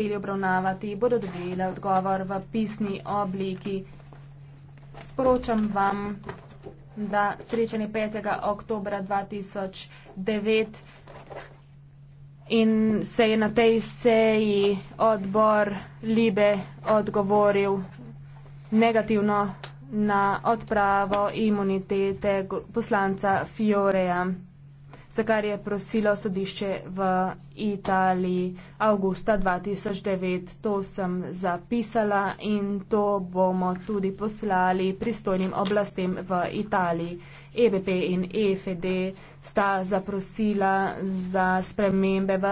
želeli obravnavati, bodo dobili odgovor v pisni obliki. Sporočam vam, da srečanje 5. oktobra 2009 in se je na tej seji odbor Libe odgovoril negativno na odpravo imunitete poslanca Fioreja za kar je prosilo sodišče v Italiji avgusta 2009. To sem zapisala in to bomo tudi poslali pristojnim oblastem v Italiji. EBP in EFD sta zaprosila za spremembe v